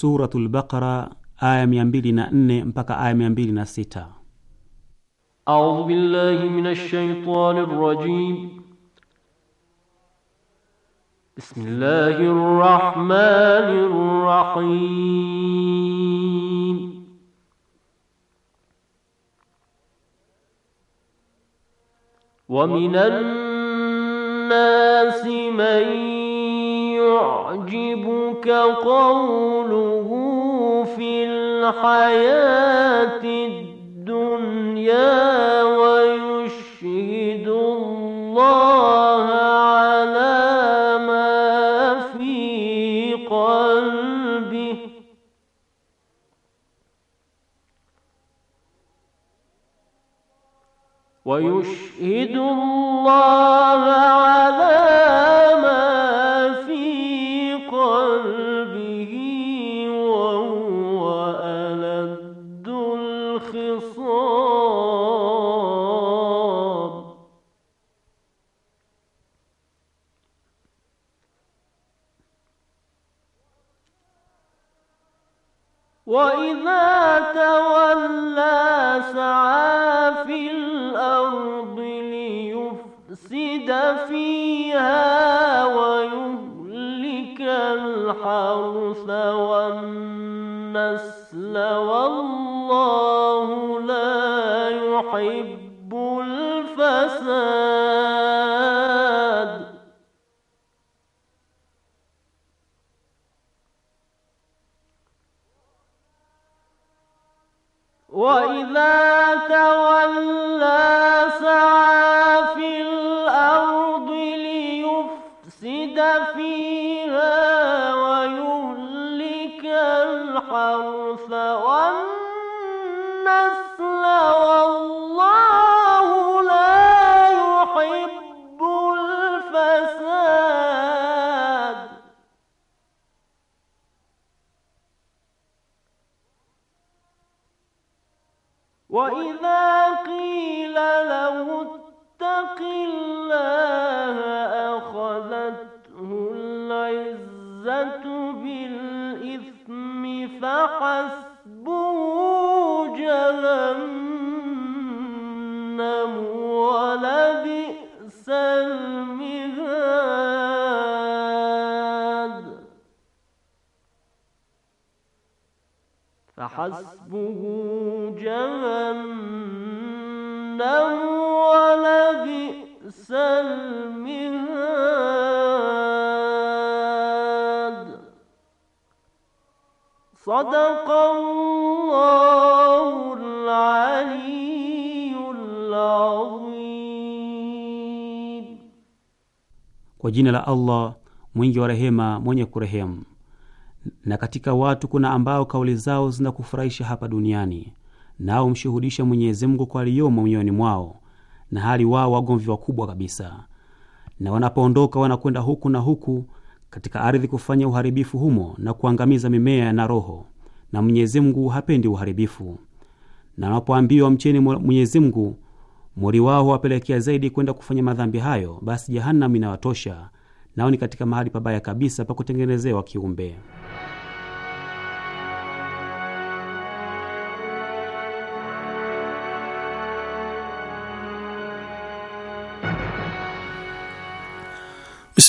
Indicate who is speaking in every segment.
Speaker 1: Suratul Baqara aya 204 mpaka aya 206.
Speaker 2: A'udhu billahi minash shaitani rrajim.
Speaker 1: Bismillahir
Speaker 2: rahmanir rahim.
Speaker 1: Wa minan
Speaker 2: nasi man يعجبك قوله في الحياة الدنيا ويشهد الله على ما في قلبه
Speaker 1: ويشهد
Speaker 2: الله على الإثم فحسبه جهنم ولبئس المهاد فحسبه جهنم ولبئس المهاد Kwa
Speaker 1: jina la Allah mwingi wa rehema mwenye kurehemu. Na katika watu kuna ambao kauli zao zinakufurahisha hapa duniani, nao humshuhudisha Mwenyezi Mungu kwa aliyomo mioyoni mwao, na hali wao wagomvi wakubwa kabisa, na wanapoondoka wanakwenda huku na huku katika ardhi kufanya uharibifu humo na kuangamiza mimea na roho, na Mwenyezi Mungu hapendi uharibifu. Na wanapoambiwa mcheni Mwenyezi Mungu, mori wao huwapelekea zaidi kwenda kufanya madhambi hayo, basi jehanamu inawatosha, nao ni katika mahali pabaya kabisa pa kutengenezewa kiumbe.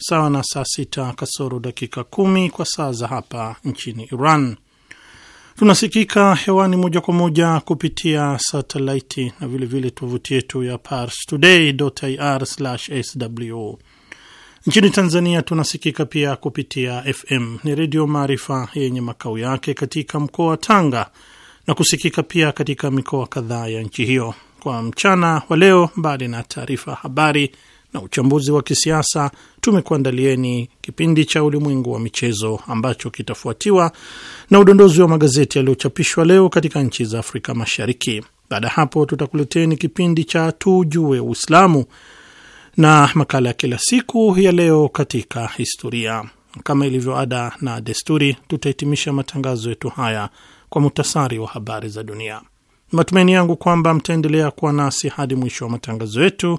Speaker 3: sawa na saa sita kasoro dakika kumi kwa saa za hapa nchini Iran. Tunasikika hewani moja kwa moja kupitia satelaiti na vilevile tovuti yetu ya parstoday.ir/sw. Nchini Tanzania tunasikika pia kupitia FM ni Redio Maarifa yenye makao yake katika mkoa wa Tanga na kusikika pia katika mikoa kadhaa ya nchi hiyo. Kwa mchana wa leo, mbali na taarifa habari na uchambuzi wa kisiasa tumekuandalieni kipindi cha ulimwengu wa michezo ambacho kitafuatiwa na udondozi wa magazeti yaliyochapishwa leo katika nchi za Afrika Mashariki. Baada ya hapo, tutakuleteni kipindi cha tujue Uislamu na makala ya kila siku ya leo katika historia. Kama ilivyo ada na desturi, tutahitimisha matangazo yetu haya kwa muhtasari wa habari za dunia. Matumaini yangu kwamba mtaendelea kuwa nasi hadi mwisho wa matangazo yetu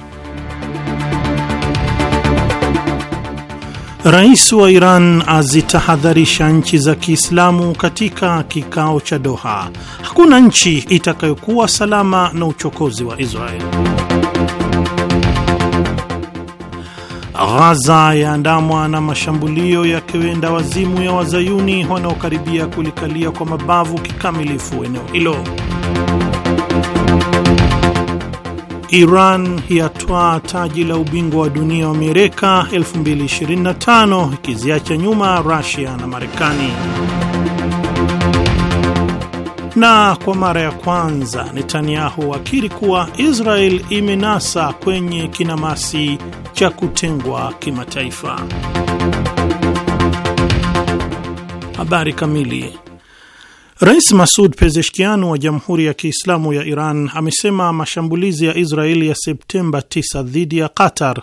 Speaker 3: Rais wa Iran azitahadharisha nchi za Kiislamu katika kikao cha Doha. Hakuna nchi itakayokuwa salama na uchokozi wa Israeli. Ghaza yaandamwa na mashambulio ya kiwenda wazimu ya wazayuni wanaokaribia kulikalia kwa mabavu kikamilifu eneo hilo. Iran yatwaa taji la ubingwa wa dunia wa mieleka 2025 ikiziacha nyuma Russia na Marekani. Na kwa mara ya kwanza Netanyahu akiri kuwa Israel imenasa kwenye kinamasi cha kutengwa kimataifa. Habari kamili Rais Masud Pezeshkian wa Jamhuri ya Kiislamu ya Iran amesema mashambulizi ya Israeli ya Septemba 9 dhidi ya Qatar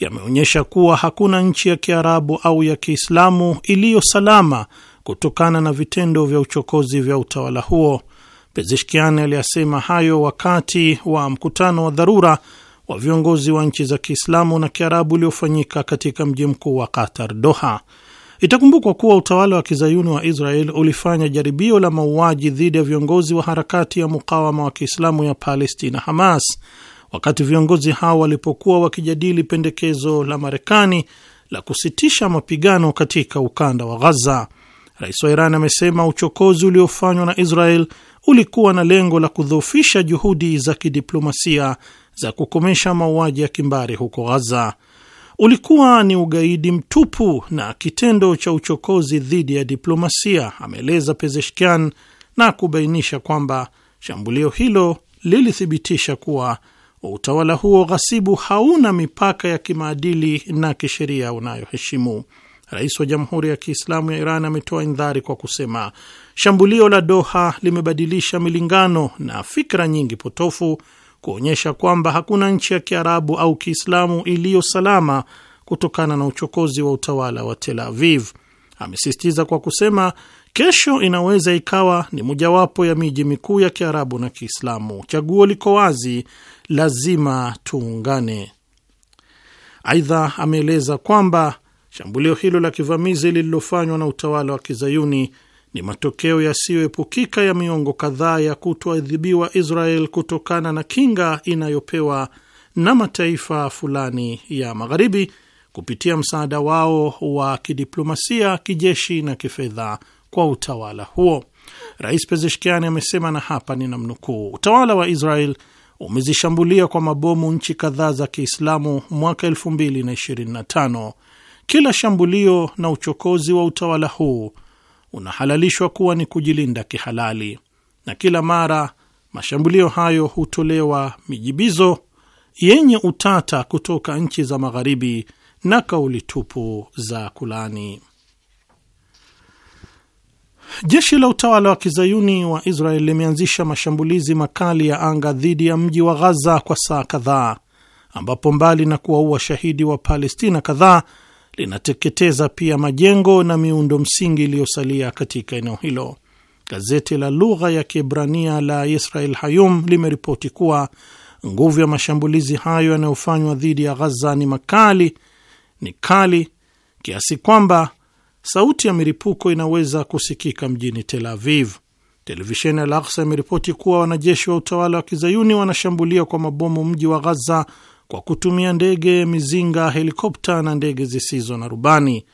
Speaker 3: yameonyesha kuwa hakuna nchi ya Kiarabu au ya Kiislamu iliyo salama kutokana na vitendo vya uchokozi vya utawala huo. Pezeshkian aliyasema hayo wakati wa mkutano wa dharura wa viongozi wa nchi za Kiislamu na Kiarabu uliofanyika katika mji mkuu wa Qatar, Doha. Itakumbukwa kuwa utawala wa kizayuni wa Israel ulifanya jaribio la mauaji dhidi ya viongozi wa harakati ya mukawama wa Kiislamu ya Palestina, Hamas, wakati viongozi hao walipokuwa wakijadili pendekezo la Marekani la kusitisha mapigano katika ukanda wa Ghaza. Rais wa Iran amesema uchokozi uliofanywa na Israel ulikuwa na lengo la kudhoofisha juhudi za kidiplomasia za kukomesha mauaji ya kimbari huko Ghaza ulikuwa ni ugaidi mtupu na kitendo cha uchokozi dhidi ya diplomasia, ameeleza Pezeshkian na kubainisha kwamba shambulio hilo lilithibitisha kuwa utawala huo ghasibu hauna mipaka ya kimaadili na kisheria unayoheshimu. Rais wa Jamhuri ya Kiislamu ya Iran ametoa indhari kwa kusema shambulio la Doha limebadilisha milingano na fikra nyingi potofu kuonyesha kwamba hakuna nchi ya Kiarabu au Kiislamu iliyo salama kutokana na uchokozi wa utawala wa Tel Aviv. Amesisitiza kwa kusema kesho inaweza ikawa ni mojawapo ya miji mikuu ya Kiarabu na Kiislamu. Chaguo liko wazi, lazima tuungane. Aidha, ameeleza kwamba shambulio hilo la kivamizi lililofanywa na utawala wa kizayuni ni matokeo yasiyoepukika ya miongo kadhaa ya kutoadhibiwa Israel kutokana na kinga inayopewa na mataifa fulani ya Magharibi kupitia msaada wao wa kidiplomasia, kijeshi na kifedha kwa utawala huo. Rais Pezeshkiani amesema, na hapa ni namnukuu utawala wa Israel umezishambulia kwa mabomu nchi kadhaa za Kiislamu mwaka 2025. Kila shambulio na uchokozi wa utawala huu unahalalishwa kuwa ni kujilinda kihalali, na kila mara mashambulio hayo hutolewa mijibizo yenye utata kutoka nchi za Magharibi na kauli tupu za kulani. Jeshi la utawala wa kizayuni wa Israel limeanzisha mashambulizi makali ya anga dhidi ya mji wa Ghaza kwa saa kadhaa, ambapo mbali na kuwaua shahidi wa Palestina kadhaa linateketeza pia majengo na miundo msingi iliyosalia katika eneo hilo. Gazeti la lugha ya Kiebrania la Israel Hayom limeripoti kuwa nguvu ya mashambulizi hayo yanayofanywa dhidi ya Ghaza ni makali, ni kali kiasi kwamba sauti ya miripuko inaweza kusikika mjini Tel Aviv. Televisheni Al Aksa imeripoti kuwa wanajeshi wa utawala wa kizayuni wanashambulia kwa mabomu mji wa Ghaza kwa kutumia ndege mizinga, helikopta na ndege zisizo na rubani.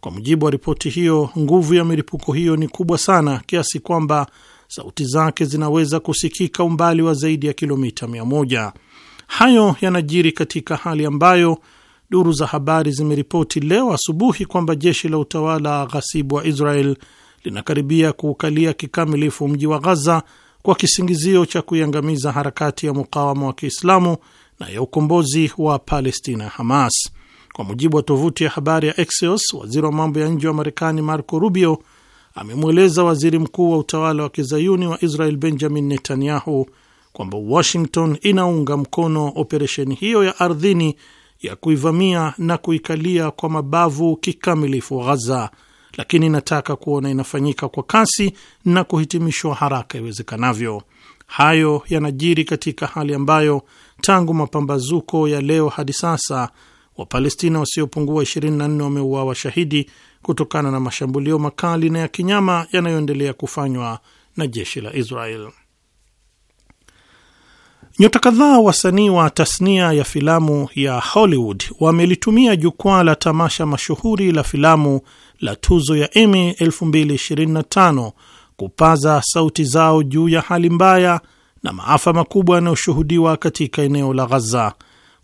Speaker 3: Kwa mujibu wa ripoti hiyo, nguvu ya milipuko hiyo ni kubwa sana kiasi kwamba sauti zake zinaweza kusikika umbali wa zaidi ya kilomita mia moja. Hayo yanajiri katika hali ambayo duru za habari zimeripoti leo asubuhi kwamba jeshi la utawala ghasibu wa Israel linakaribia kuukalia kikamilifu mji wa Ghaza kwa kisingizio cha kuiangamiza harakati ya mukawama wa Kiislamu na ya ukombozi wa Palestina Hamas. Kwa mujibu wa tovuti ya habari ya Axios, waziri wa mambo ya nje wa Marekani Marco Rubio amemweleza waziri mkuu wa utawala wa kizayuni wa Israel Benjamin Netanyahu kwamba Washington inaunga mkono operesheni hiyo ya ardhini ya kuivamia na kuikalia kwa mabavu kikamilifu Ghaza, lakini inataka kuona inafanyika kwa kasi na kuhitimishwa haraka iwezekanavyo. Hayo yanajiri katika hali ambayo tangu mapambazuko ya leo hadi sasa Wapalestina wasiopungua 24 wameuawa shahidi kutokana na mashambulio makali na ya kinyama yanayoendelea kufanywa na jeshi la Israel. Nyota kadhaa wasanii wa tasnia ya filamu ya Hollywood wamelitumia jukwaa la tamasha mashuhuri la filamu la tuzo ya Emmy 2025 kupaza sauti zao juu ya hali mbaya na maafa makubwa yanayoshuhudiwa katika eneo la Ghaza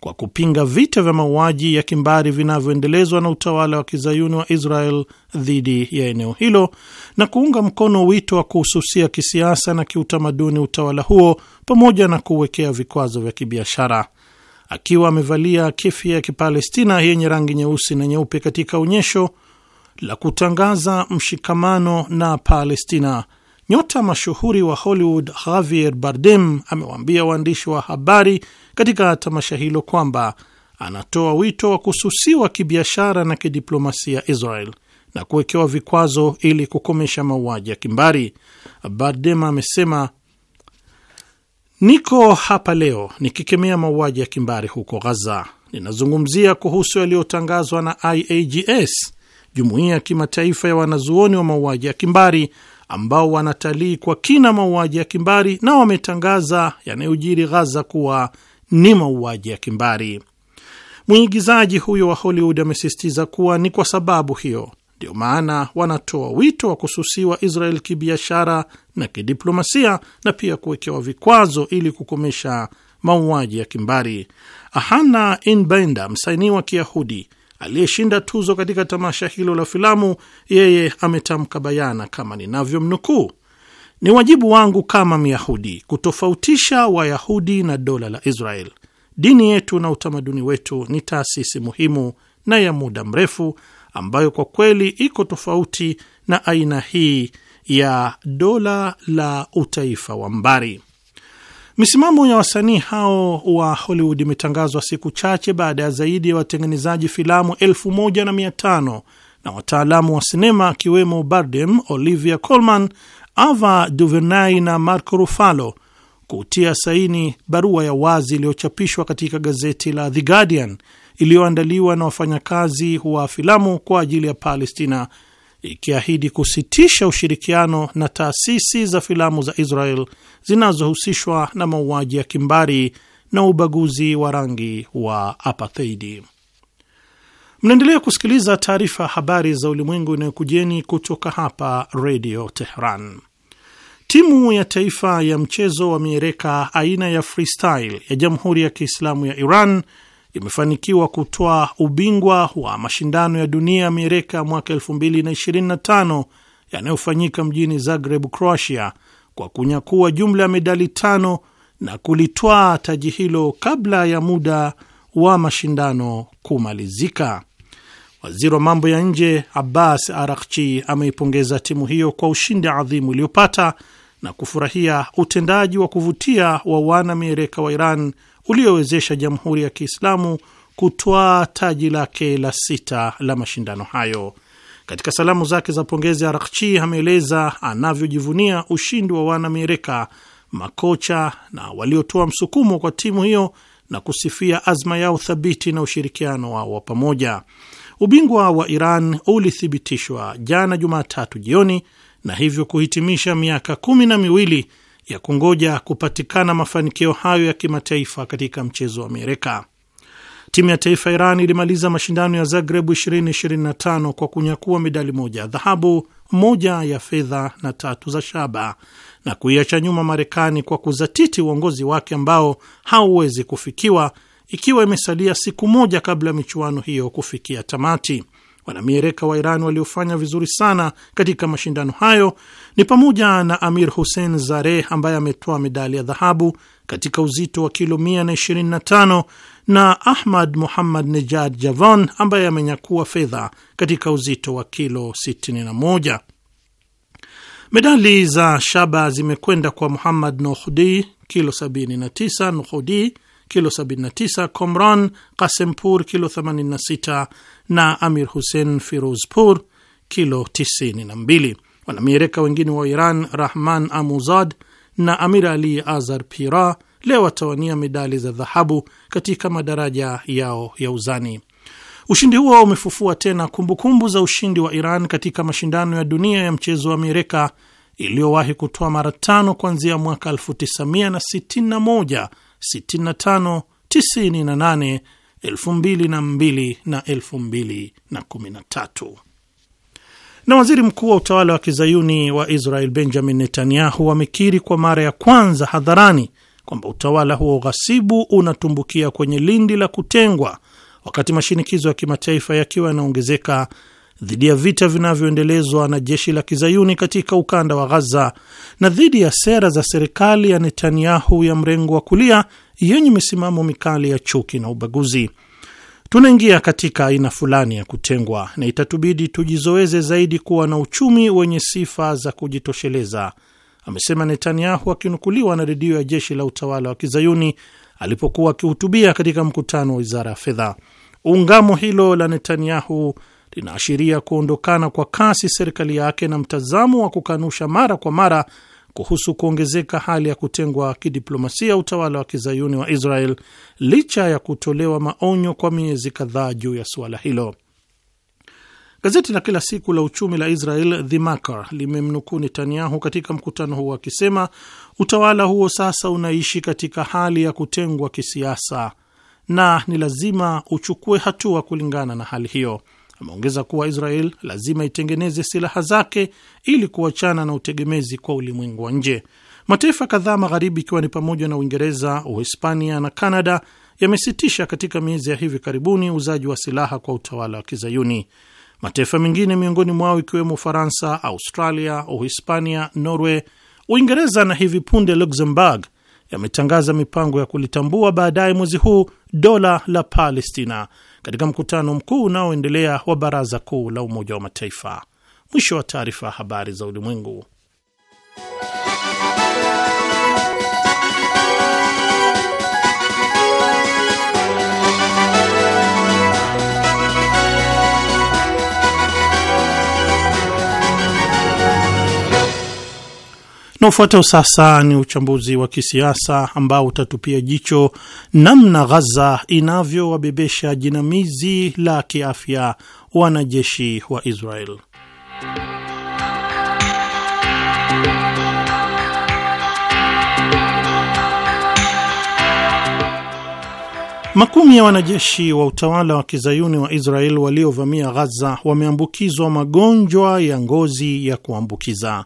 Speaker 3: kwa kupinga vita vya mauaji ya kimbari vinavyoendelezwa na utawala wa kizayuni wa Israel dhidi ya eneo hilo na kuunga mkono wito wa kuhususia kisiasa na kiutamaduni utawala huo pamoja na kuwekea vikwazo vya kibiashara. Akiwa amevalia kefia ya Kipalestina yenye rangi nyeusi na nyeupe katika onyesho la kutangaza mshikamano na Palestina, Nyota mashuhuri wa Hollywood Javier Bardem amewaambia waandishi wa habari katika tamasha hilo kwamba anatoa wito wa kususiwa kibiashara na kidiplomasia Israel na kuwekewa vikwazo ili kukomesha mauaji ya kimbari. Bardem amesema, niko hapa leo nikikemea mauaji ya kimbari huko ghaza Ninazungumzia kuhusu yaliyotangazwa na IAGS, jumuiya ya kimataifa ya wanazuoni wa mauaji ya kimbari ambao wanatalii kwa kina mauaji ya kimbari na wametangaza yanayojiri Ghaza kuwa ni mauaji ya kimbari. Mwigizaji huyo wa Hollywood amesisitiza kuwa ni kwa sababu hiyo ndio maana wanatoa wito wa kususiwa Israel kibiashara na kidiplomasia na pia kuwekewa vikwazo ili kukomesha mauaji ya kimbari. Hana Inbenda, msanii wa Kiyahudi aliyeshinda tuzo katika tamasha hilo la filamu, yeye ametamka bayana kama ninavyomnukuu: ni wajibu wangu kama Myahudi kutofautisha Wayahudi na dola la Israel. Dini yetu na utamaduni wetu ni taasisi muhimu na ya muda mrefu ambayo kwa kweli iko tofauti na aina hii ya dola la utaifa wa mbari. Misimamo ya wasanii hao wa Hollywood imetangazwa siku chache baada ya zaidi ya watengenezaji filamu elfu moja na mia tano na wataalamu wa sinema akiwemo Bardem, Olivia Colman, Ava DuVernay na Marco Ruffalo kutia saini barua ya wazi iliyochapishwa katika gazeti la The Guardian iliyoandaliwa na wafanyakazi wa filamu kwa ajili ya Palestina ikiahidi kusitisha ushirikiano na taasisi za filamu za Israel zinazohusishwa na mauaji ya kimbari na ubaguzi wa rangi wa apartheid. Mnaendelea kusikiliza taarifa ya habari za ulimwengu inayokujeni kutoka hapa Redio Teheran. Timu ya taifa ya mchezo wa miereka aina ya freestyle ya Jamhuri ya Kiislamu ya Iran imefanikiwa kutoa ubingwa wa mashindano ya dunia ya mieleka mwaka 2025 yanayofanyika mjini Zagreb, Croatia, kwa kunyakua jumla ya medali tano na kulitwaa taji hilo kabla ya muda wa mashindano kumalizika. Waziri wa mambo ya nje Abbas Arakchi ameipongeza timu hiyo kwa ushindi adhimu uliopata na kufurahia utendaji wa kuvutia wa wana miereka wa Iran uliowezesha Jamhuri ya Kiislamu kutwaa taji lake la sita la mashindano hayo. Katika salamu zake za pongezi, Arakchi ameeleza anavyojivunia ushindi wa wanamerika, makocha na waliotoa msukumo kwa timu hiyo na kusifia azma yao thabiti na ushirikiano wao wa pamoja. Ubingwa wa Iran ulithibitishwa jana Jumatatu jioni na hivyo kuhitimisha miaka kumi na miwili ya kungoja kupatikana mafanikio hayo ya kimataifa katika mchezo wa mieleka. Timu ya taifa Iran ilimaliza mashindano ya Zagreb 2025 kwa kunyakua medali moja ya dhahabu, moja ya fedha na tatu za shaba na kuiacha nyuma Marekani kwa kuzatiti uongozi wake ambao hauwezi kufikiwa, ikiwa imesalia siku moja kabla ya michuano hiyo kufikia tamati. Wanamiereka wa Iran waliofanya vizuri sana katika mashindano hayo ni pamoja na Amir Hussein Zareh ambaye ametoa medali ya dhahabu katika uzito wa kilo 125 na Ahmad Muhammad Nejad Javon ambaye amenyakua fedha katika uzito wa kilo 61. Medali za shaba zimekwenda kwa Muhammad Nohdi kilo 79, Nohdi kilo 79, Komran Kasempur kilo 86 na Amir Hussein Firozpur kilo 92. wanamiereka wengine wa Iran Rahman Amuzad na Amir Ali Azar Pira leo watawania medali za dhahabu katika madaraja yao ya uzani. Ushindi huo umefufua tena kumbukumbu kumbu za ushindi wa Iran katika mashindano ya dunia ya mchezo wa mieleka iliyowahi kutoa mara tano kuanzia mwaka 1961 na Na waziri mkuu wa utawala wa kizayuni wa Israel Benjamin Netanyahu amekiri kwa mara ya kwanza hadharani kwamba utawala huo ghasibu unatumbukia kwenye lindi la kutengwa, wakati mashinikizo ya kimataifa yakiwa yanaongezeka dhidi ya vita vinavyoendelezwa na jeshi la kizayuni katika ukanda wa Ghaza na dhidi ya sera za serikali ya Netanyahu ya mrengo wa kulia yenye misimamo mikali ya chuki na ubaguzi. Tunaingia katika aina fulani ya kutengwa na itatubidi tujizoeze zaidi kuwa na uchumi wenye sifa za kujitosheleza, amesema Netanyahu akinukuliwa na redio ya jeshi la utawala wa kizayuni alipokuwa akihutubia katika mkutano wa wizara ya fedha. Ungamo hilo la Netanyahu linaashiria kuondokana kwa kasi serikali yake na mtazamo wa kukanusha mara kwa mara kuhusu kuongezeka hali ya kutengwa kidiplomasia utawala wa kizayuni wa Israel licha ya kutolewa maonyo kwa miezi kadhaa juu ya suala hilo. Gazeti la kila siku la uchumi la Israel The Makar limemnukuu Netanyahu katika mkutano huo akisema utawala huo sasa unaishi katika hali ya kutengwa kisiasa na ni lazima uchukue hatua kulingana na hali hiyo. Ameongeza kuwa Israel lazima itengeneze silaha zake ili kuachana na utegemezi kwa ulimwengu wa nje. Mataifa kadhaa magharibi ikiwa ni pamoja na Uingereza, Uhispania na Kanada yamesitisha katika miezi ya hivi karibuni uuzaji wa silaha kwa utawala wa Kizayuni. Mataifa mengine miongoni mwao ikiwemo Ufaransa, Australia, Uhispania, Norway, Uingereza na hivi punde Luxembourg yametangaza mipango ya kulitambua baadaye mwezi huu dola la Palestina katika mkutano mkuu unaoendelea wa Baraza Kuu la Umoja wa Mataifa. Mwisho wa taarifa ya habari za ulimwengu. Na ufuatao sasa ni uchambuzi wa kisiasa ambao utatupia jicho namna Ghaza inavyowabebesha jinamizi la kiafya wanajeshi wa Israel. Makumi ya wanajeshi wa utawala wa kizayuni wa Israel waliovamia Ghaza wameambukizwa magonjwa ya ngozi ya kuambukiza.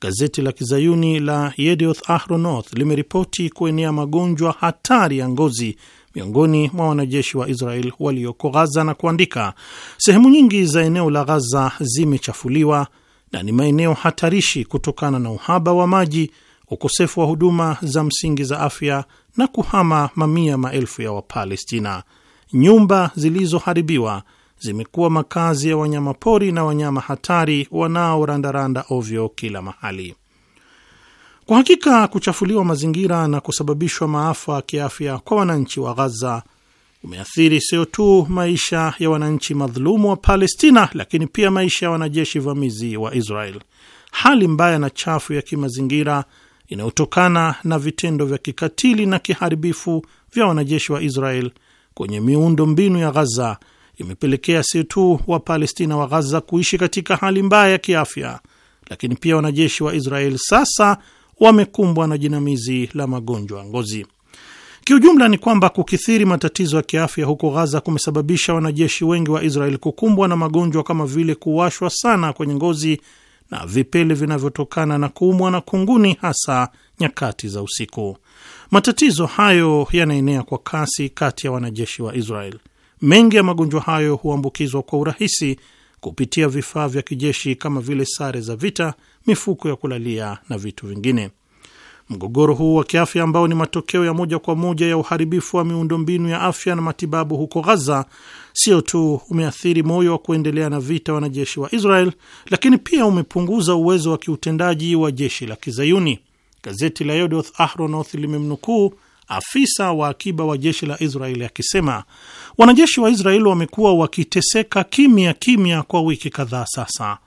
Speaker 3: Gazeti la kizayuni la Yedioth Ahronoth limeripoti kuenea magonjwa hatari ya ngozi miongoni mwa wanajeshi wa Israel walioko Ghaza na kuandika, sehemu nyingi za eneo la Ghaza zimechafuliwa na ni maeneo hatarishi kutokana na uhaba wa maji, ukosefu wa huduma za msingi za afya na kuhama mamia maelfu ya Wapalestina. Nyumba zilizoharibiwa zimekuwa makazi ya wanyama pori na wanyama hatari wanaorandaranda ovyo kila mahali. Kwa hakika kuchafuliwa mazingira na kusababishwa maafa ya kiafya kwa wananchi wa Ghaza umeathiri sio tu maisha ya wananchi madhulumu wa Palestina, lakini pia maisha ya wanajeshi vamizi wa Israel. Hali mbaya na chafu ya kimazingira inayotokana na vitendo vya kikatili na kiharibifu vya wanajeshi wa Israel kwenye miundo mbinu ya Ghaza imepelekea si tu Wapalestina wa Ghaza kuishi katika hali mbaya ya kiafya, lakini pia wanajeshi wa Israeli sasa wamekumbwa na jinamizi la magonjwa ya ngozi. Kiujumla ni kwamba kukithiri matatizo ya kiafya huko Ghaza kumesababisha wanajeshi wengi wa israel kukumbwa na magonjwa kama vile kuwashwa sana kwenye ngozi na vipele vinavyotokana na kuumwa na kunguni, hasa nyakati za usiku. Matatizo hayo yanaenea kwa kasi kati ya wanajeshi wa israel Mengi ya magonjwa hayo huambukizwa kwa urahisi kupitia vifaa vya kijeshi kama vile sare za vita, mifuko ya kulalia na vitu vingine. Mgogoro huu wa kiafya ambao ni matokeo ya moja kwa moja ya uharibifu wa miundombinu ya afya na matibabu huko Gaza, sio tu umeathiri moyo wa kuendelea na vita wanajeshi wa Israel, lakini pia umepunguza uwezo wa kiutendaji wa jeshi la Kizayuni. Gazeti la Yodoth Ahronoth limemnukuu afisa wa akiba wa jeshi la israel akisema Wanajeshi wa Israeli wamekuwa wakiteseka kimya kimya kwa wiki kadhaa sasa.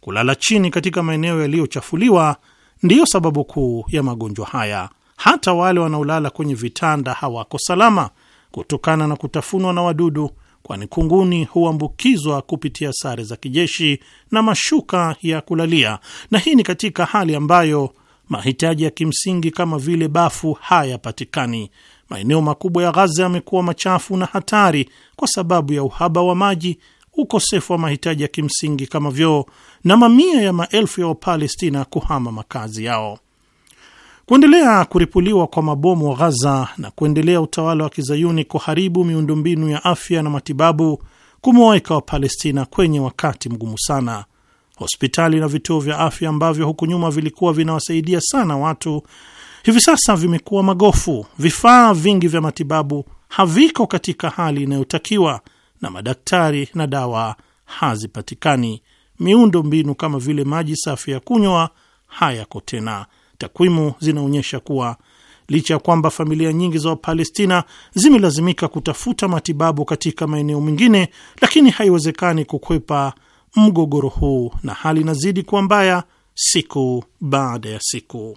Speaker 3: Kulala chini katika maeneo yaliyochafuliwa ndiyo sababu kuu ya magonjwa haya. Hata wale wanaolala kwenye vitanda hawako salama kutokana na kutafunwa na wadudu, kwani kunguni huambukizwa kupitia sare za kijeshi na mashuka ya kulalia, na hii ni katika hali ambayo mahitaji ya kimsingi kama vile bafu hayapatikani maeneo makubwa ya Ghaza yamekuwa machafu na hatari kwa sababu ya uhaba wa maji, ukosefu wa mahitaji ya kimsingi kama vyoo, na mamia ya maelfu ya Wapalestina kuhama makazi yao. Kuendelea kuripuliwa kwa mabomu Ghaza na kuendelea utawala wa kizayuni kuharibu miundombinu ya afya na matibabu kumewaweka Wapalestina kwenye wakati mgumu sana. Hospitali na vituo vya afya ambavyo huku nyuma vilikuwa vinawasaidia sana watu hivi sasa vimekuwa magofu. Vifaa vingi vya matibabu haviko katika hali inayotakiwa na madaktari na dawa hazipatikani. Miundo mbinu kama vile maji safi ya kunywa hayako tena. Takwimu zinaonyesha kuwa licha ya kwamba familia nyingi za Wapalestina zimelazimika kutafuta matibabu katika maeneo mengine, lakini haiwezekani kukwepa mgogoro huu, na hali inazidi kuwa mbaya siku baada ya siku.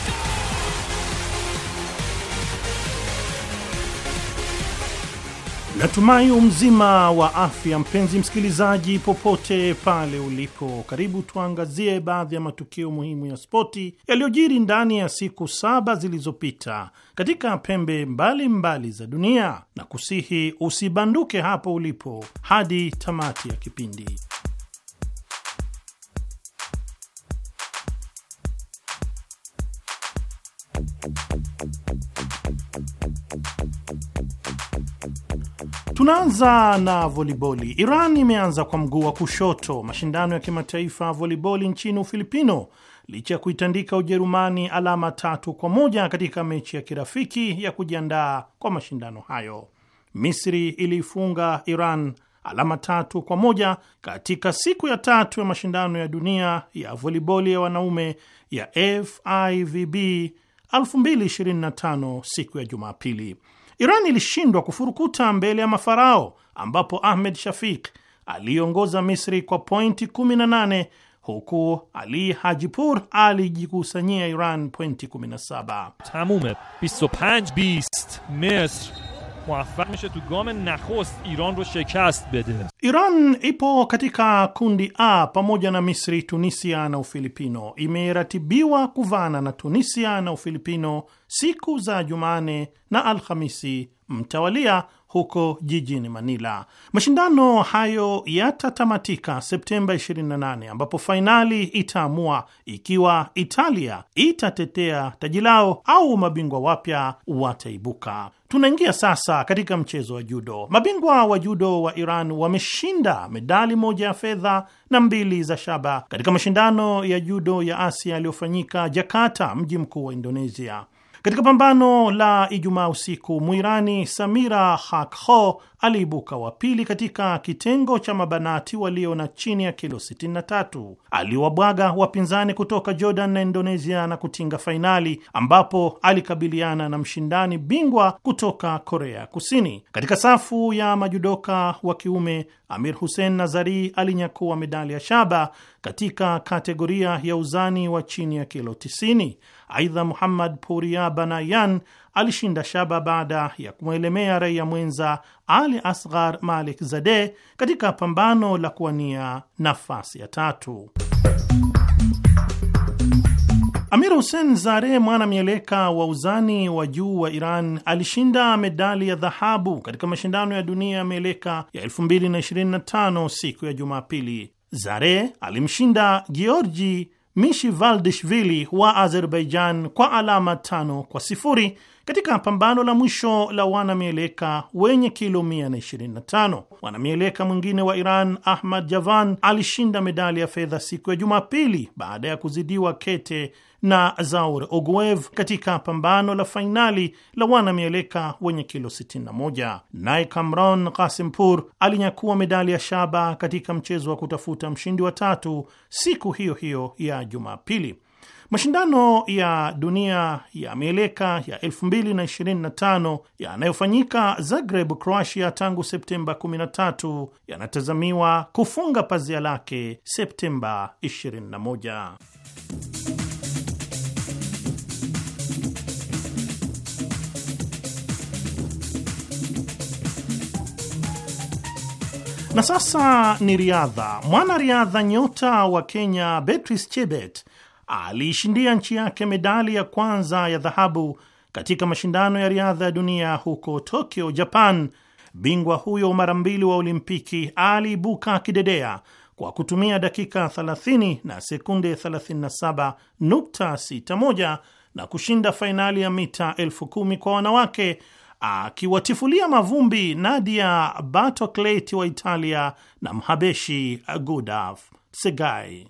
Speaker 3: Natumai umzima wa afya, mpenzi msikilizaji, popote pale ulipo. Karibu tuangazie baadhi ya matukio muhimu ya spoti yaliyojiri ndani ya siku saba zilizopita katika pembe mbalimbali mbali za dunia, na kusihi usibanduke hapo ulipo hadi tamati ya kipindi. Tunaanza na voliboli. Iran imeanza kwa mguu wa kushoto mashindano ya kimataifa ya voliboli nchini Ufilipino licha ya kuitandika Ujerumani alama tatu kwa moja katika mechi ya kirafiki ya kujiandaa kwa mashindano hayo. Misri iliifunga Iran alama tatu kwa moja katika siku ya tatu ya mashindano ya dunia ya voliboli ya wanaume ya FIVB 2025 siku ya Jumapili. Iran ilishindwa kufurukuta mbele ya mafarao, ambapo Ahmed Shafik aliongoza Misri kwa pointi 18 huku Ali Hajipur alijikusanyia Iran pointi 17. موفق میشه تو گام نخست ایران رو شکست بده. Iran ipo katika kundi A pamoja na Misri, Tunisia na Ufilipino. Imeratibiwa kuvana na Tunisia na Ufilipino siku za جومانه na Alhamisi mtawalia huko jijini Manila. Mashindano hayo yatatamatika Septemba 28 ambapo fainali itaamua ikiwa Italia itatetea taji lao au mabingwa wapya wataibuka. Tunaingia sasa katika mchezo wa judo. Mabingwa wa judo wa Iran wameshinda medali moja ya fedha na mbili za shaba katika mashindano ya judo ya Asia yaliyofanyika Jakarta, mji mkuu wa Indonesia. Katika pambano la Ijumaa usiku, Mwirani Samira Hakho aliibuka wa pili katika kitengo cha mabanati walio na chini ya kilo 63. Aliwabwaga wapinzani kutoka Jordan na Indonesia na kutinga fainali ambapo alikabiliana na mshindani bingwa kutoka Korea Kusini. Katika safu ya majudoka wa kiume, Amir Hussein Nazari alinyakua medali ya shaba katika kategoria ya uzani wa chini ya kilo 90. Aidha, Muhammad Puria Banayan alishinda shaba baada ya kumwelemea raia mwenza Ali Asghar Malik Zade katika pambano la kuwania nafasi ya tatu. Amir Hussein Zare, mwana mieleka wa uzani wa juu wa Iran, alishinda medali ya dhahabu katika mashindano ya dunia ya mieleka ya 2025 siku ya Jumapili. Zare alimshinda Georgi Mishivaldishvili wa Azerbaijan kwa alama tano kwa sifuri katika pambano la mwisho la wanamieleka wenye kilo 125. Wanamieleka mwingine wa Iran Ahmad Javan alishinda medali ya fedha siku ya Jumapili baada ya kuzidiwa kete na Zaur Oguev katika pambano la fainali la wanamieleka wenye kilo 61. Naye Kamron Kasimpur alinyakua medali ya shaba katika mchezo wa kutafuta mshindi wa tatu siku hiyo hiyo ya Jumapili. Mashindano ya dunia ya mieleka ya 2025 yanayofanyika Zagreb, Croatia, tangu Septemba 13 yanatazamiwa kufunga pazia lake Septemba 21. Na sasa ni riadha. Mwanariadha nyota wa Kenya Beatrice Chebet aliishindia nchi yake medali ya kwanza ya dhahabu katika mashindano ya riadha ya dunia huko Tokyo, Japan. Bingwa huyo mara mbili wa Olimpiki aliibuka akidedea kwa kutumia dakika 30 na sekunde 37.61 na kushinda fainali ya mita elfu kumi kwa wanawake akiwatifulia mavumbi Nadia Batokleti wa Italia na Mhabeshi Gudaf. Segai.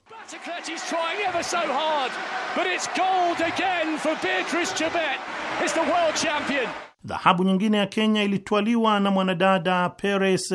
Speaker 3: Dhahabu nyingine ya Kenya ilitwaliwa na mwanadada Peres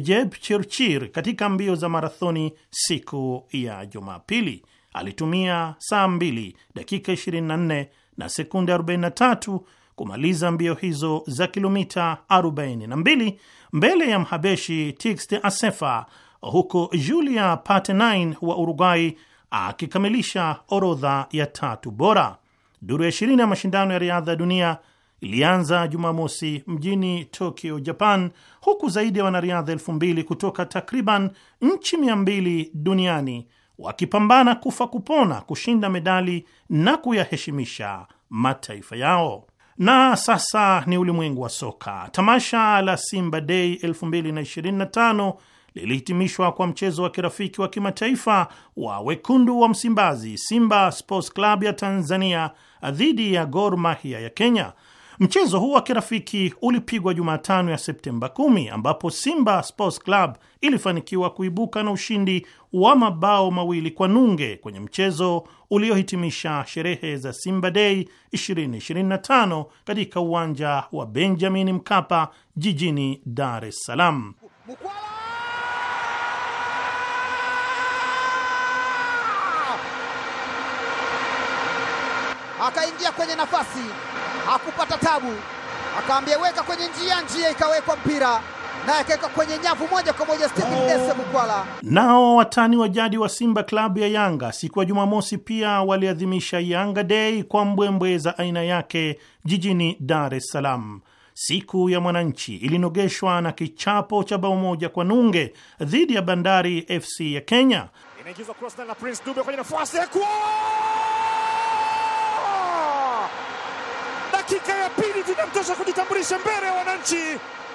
Speaker 3: Jepchirchir katika mbio za marathoni siku ya Jumapili. Alitumia saa 2 dakika 24 na sekunde 43 kumaliza mbio hizo za kilomita 42 mbele ya Mhabeshi Tigst Asefa huku Julia Paternain wa Uruguay akikamilisha orodha ya tatu bora. Duru ya ishirini ya mashindano ya riadha ya dunia ilianza Jumamosi mjini Tokyo, Japan, huku zaidi ya wanariadha elfu mbili kutoka takriban nchi mia mbili duniani wakipambana kufa kupona kushinda medali na kuyaheshimisha mataifa yao. Na sasa ni ulimwengu wa soka. Tamasha la Simba Day 2025 lilihitimishwa kwa mchezo wa kirafiki wa kimataifa wa wekundu wa Msimbazi, Simba Sports Club ya Tanzania dhidi ya Gor Mahia ya Kenya. Mchezo huu wa kirafiki ulipigwa Jumatano ya Septemba 10 ambapo Simba Sports Club ilifanikiwa kuibuka na ushindi wa mabao mawili kwa nunge kwenye mchezo uliohitimisha sherehe za Simba Day 2025 katika uwanja wa Benjamin Mkapa jijini Dar es Salaam. Mkwala!
Speaker 4: akaingia kwenye nafasi, hakupata tabu, akaambia weka kwenye njia, njia ikawekwa mpira naye akaweka kwenye nyavu moja kwa moja Stephen Dese oh. Mukwala.
Speaker 3: Nao watani wa jadi wa Simba klabu ya Yanga siku ya Jumamosi pia waliadhimisha Yanga Day kwa mbwembwe za aina yake jijini Dar es Salaam. Siku ya Mwananchi ilinogeshwa na kichapo cha bao moja kwa nunge dhidi ya Bandari FC ya Kenya.
Speaker 5: Inaingizwa cross na Prince Dube kwenye nafasi ya dakika ya pili zinamtosha kujitambulisha mbele ya wananchi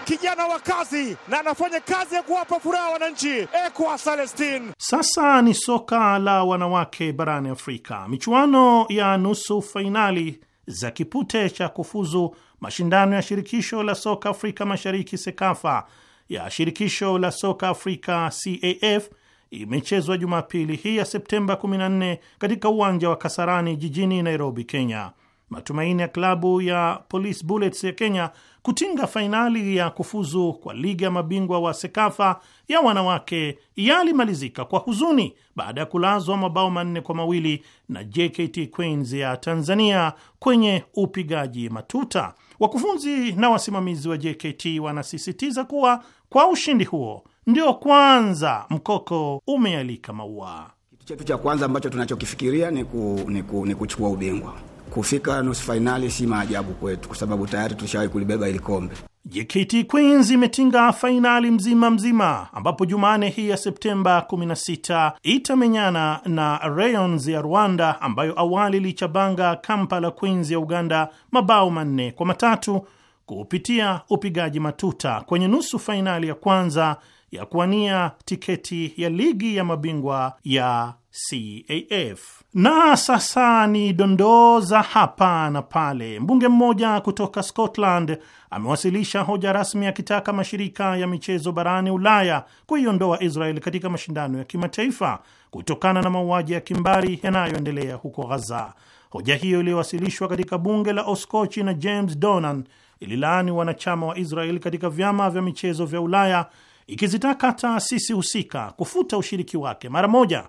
Speaker 5: kijana wa kazi na anafanya kazi ya kuwapa furaha wananchi. Ekwa Celestin.
Speaker 3: Sasa ni soka la wanawake barani Afrika. Michuano ya nusu fainali za kipute cha kufuzu mashindano ya shirikisho la soka Afrika Mashariki, SEKAFA, ya shirikisho la soka Afrika, CAF, imechezwa Jumapili hii ya Septemba 14 katika uwanja wa Kasarani jijini Nairobi, Kenya matumaini ya klabu ya Police Bullets ya Kenya kutinga fainali ya kufuzu kwa ligi ya mabingwa wa Sekafa ya wanawake yalimalizika kwa huzuni baada ya kulazwa mabao manne kwa mawili na JKT Queens ya Tanzania kwenye upigaji matuta. Wakufunzi na wasimamizi wa JKT wanasisitiza kuwa kwa ushindi huo ndio kwanza mkoko umealika maua.
Speaker 4: Kitu chetu cha kwanza ambacho tunachokifikiria ni, ku, ni, ku, ni kuchukua ubingwa kufika nusu fainali si maajabu kwetu, kwa sababu tayari tulishawahi kulibeba ili kombe.
Speaker 3: JKT Queens imetinga fainali mzima mzima, ambapo Jumane hii ya Septemba 16 itamenyana na Rayons ya Rwanda ambayo awali ilichabanga Kampala Queens ya Uganda mabao manne kwa matatu kupitia upigaji matuta kwenye nusu fainali ya kwanza ya kuwania tiketi ya ligi ya mabingwa ya CAF. Na sasa ni dondoo za hapa na pale. Mbunge mmoja kutoka Scotland amewasilisha hoja rasmi akitaka mashirika ya michezo barani Ulaya kuiondoa Israel katika mashindano ya kimataifa kutokana na mauaji ya kimbari yanayoendelea huko Gaza. Hoja hiyo iliyowasilishwa katika bunge la Oskochi na James Donan ililaani wanachama wa Israel katika vyama vya michezo vya Ulaya ikizitaka taasisi husika kufuta ushiriki wake mara moja.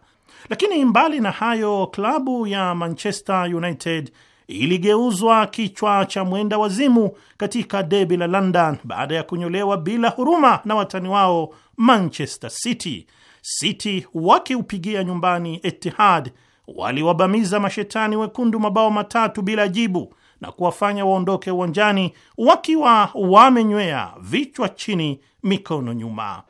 Speaker 3: Lakini mbali na hayo, klabu ya Manchester United iligeuzwa kichwa cha mwenda wazimu katika debi la London baada ya kunyolewa bila huruma na watani wao Manchester City. City wakiupigia nyumbani Etihad waliwabamiza mashetani wekundu mabao matatu bila jibu na kuwafanya waondoke uwanjani wakiwa wamenywea vichwa chini, mikono nyuma.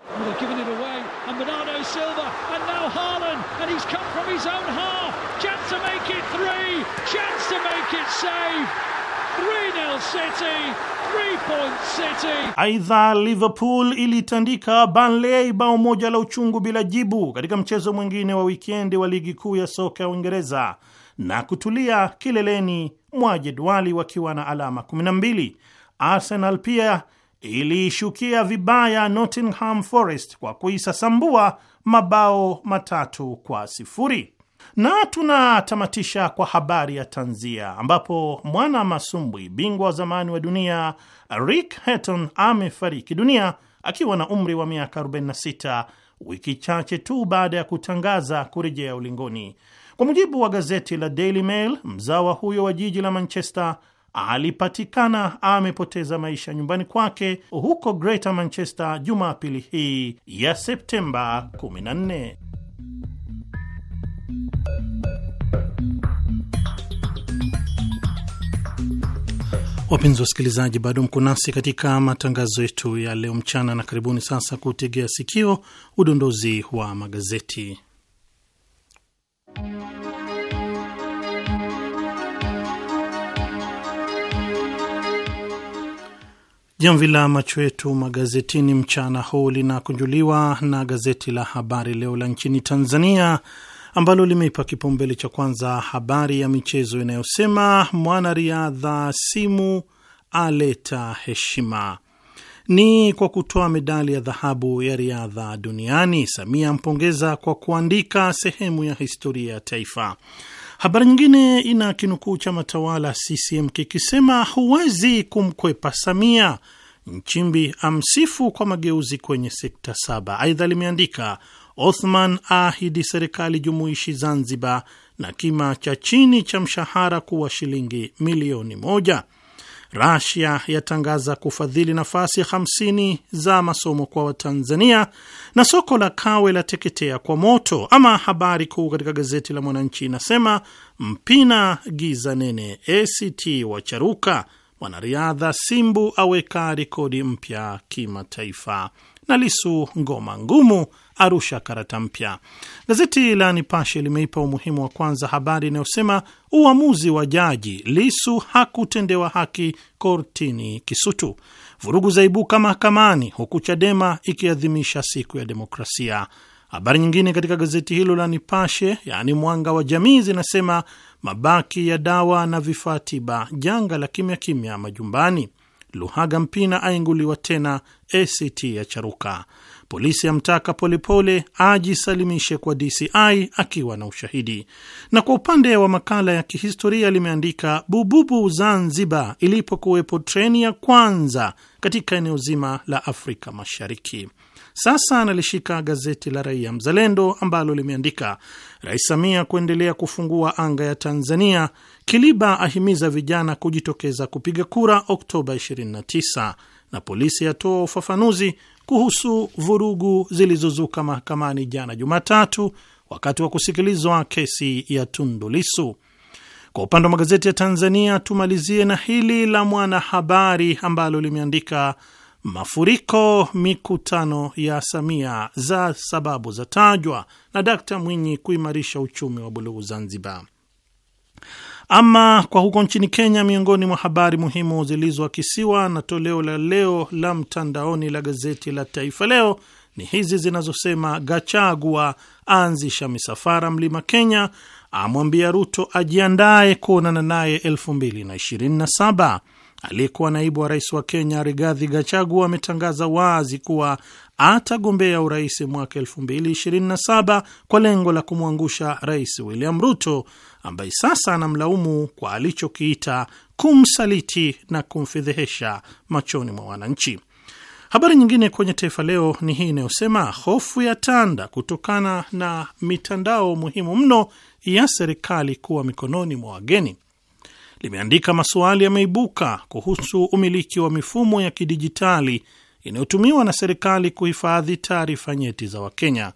Speaker 3: Aidha, Liverpool ilitandika Burnley bao moja la uchungu bila jibu katika mchezo mwingine wa wikendi wa ligi kuu ya soka ya Uingereza na kutulia kileleni mwa jedwali wakiwa na alama 12. Arsenal pia iliishukia vibaya Nottingham Forest kwa kuisasambua mabao matatu kwa sifuri. Na tunatamatisha kwa habari ya tanzia, ambapo mwana masumbwi bingwa wa zamani wa dunia Rick Hatton amefariki dunia akiwa na umri wa miaka 46 wiki chache tu baada ya kutangaza kurejea ulingoni. Kwa mujibu wa gazeti la Daily Mail, mzawa huyo wa jiji la Manchester alipatikana amepoteza maisha nyumbani kwake huko Greater Manchester Jumapili hii ya Septemba 14. Wapenzi wa wasikilizaji, bado mko nasi katika matangazo yetu ya leo mchana, na karibuni sasa kutegea sikio udondozi wa magazeti. Jamvi la macho yetu magazetini mchana huu linakunjuliwa na gazeti la Habari Leo la nchini Tanzania, ambalo limeipa kipaumbele cha kwanza habari ya michezo inayosema mwanariadha simu aleta heshima ni kwa kutoa medali ya dhahabu ya riadha duniani. Samia ampongeza kwa kuandika sehemu ya historia ya taifa. Habari nyingine ina kinukuu chama tawala CCM kikisema huwezi kumkwepa Samia. Nchimbi amsifu kwa mageuzi kwenye sekta saba. Aidha limeandika Othman ahidi serikali jumuishi Zanzibar na kima cha chini cha mshahara kuwa shilingi milioni moja. Rasia yatangaza kufadhili nafasi 50 za masomo kwa Watanzania na soko la kawe la teketea kwa moto. Ama habari kuu katika gazeti la Mwananchi inasema Mpina giza nene, ACT wacharuka Mwanariadha Simbu aweka rekodi mpya kimataifa, na Lisu ngoma ngumu arusha karata mpya. Gazeti la Nipashe limeipa umuhimu wa kwanza habari inayosema uamuzi wa jaji, Lisu hakutendewa haki kortini Kisutu. Vurugu zaibuka mahakamani, huku Chadema ikiadhimisha siku ya demokrasia. Habari nyingine katika gazeti hilo la Nipashe, yaani Mwanga wa Jamii, zinasema mabaki ya dawa na vifaa tiba, janga la kimya kimya majumbani. Luhaga Mpina ainguliwa tena, ACT ya charuka, polisi amtaka Polepole ajisalimishe kwa DCI akiwa na ushahidi. Na kwa upande wa makala ya kihistoria limeandika bububu Zanzibar ilipokuwepo treni ya kwanza katika eneo zima la Afrika Mashariki. Sasa analishika gazeti la Raia Mzalendo ambalo limeandika Rais Samia kuendelea kufungua anga ya Tanzania. Kiliba ahimiza vijana kujitokeza kupiga kura Oktoba 29, na polisi yatoa ufafanuzi kuhusu vurugu zilizozuka mahakamani jana Jumatatu wakati wa kusikilizwa kesi ya Tundu Lissu. Kwa upande wa magazeti ya Tanzania, tumalizie na hili la Mwanahabari ambalo limeandika Mafuriko, mikutano ya Samia za sababu za tajwa, na Dkt Mwinyi kuimarisha uchumi wa buluu Zanzibar. Ama kwa huko nchini Kenya, miongoni mwa habari muhimu zilizoakisiwa na toleo la leo la mtandaoni la gazeti la Taifa Leo ni hizi zinazosema: Gachagua aanzisha misafara mlima Kenya, amwambia Ruto ajiandaye kuonana naye 2027 Aliyekuwa naibu wa rais wa Kenya Rigathi Gachagua ametangaza wazi kuwa atagombea urais mwaka 2027 kwa lengo la kumwangusha Rais William Ruto ambaye sasa anamlaumu kwa alichokiita kumsaliti na kumfedhehesha machoni mwa wananchi. Habari nyingine kwenye Taifa Leo ni hii inayosema hofu ya tanda kutokana na mitandao muhimu mno ya serikali kuwa mikononi mwa wageni limeandika masuali yameibuka kuhusu umiliki wa mifumo ya kidijitali inayotumiwa na serikali kuhifadhi taarifa nyeti za Wakenya,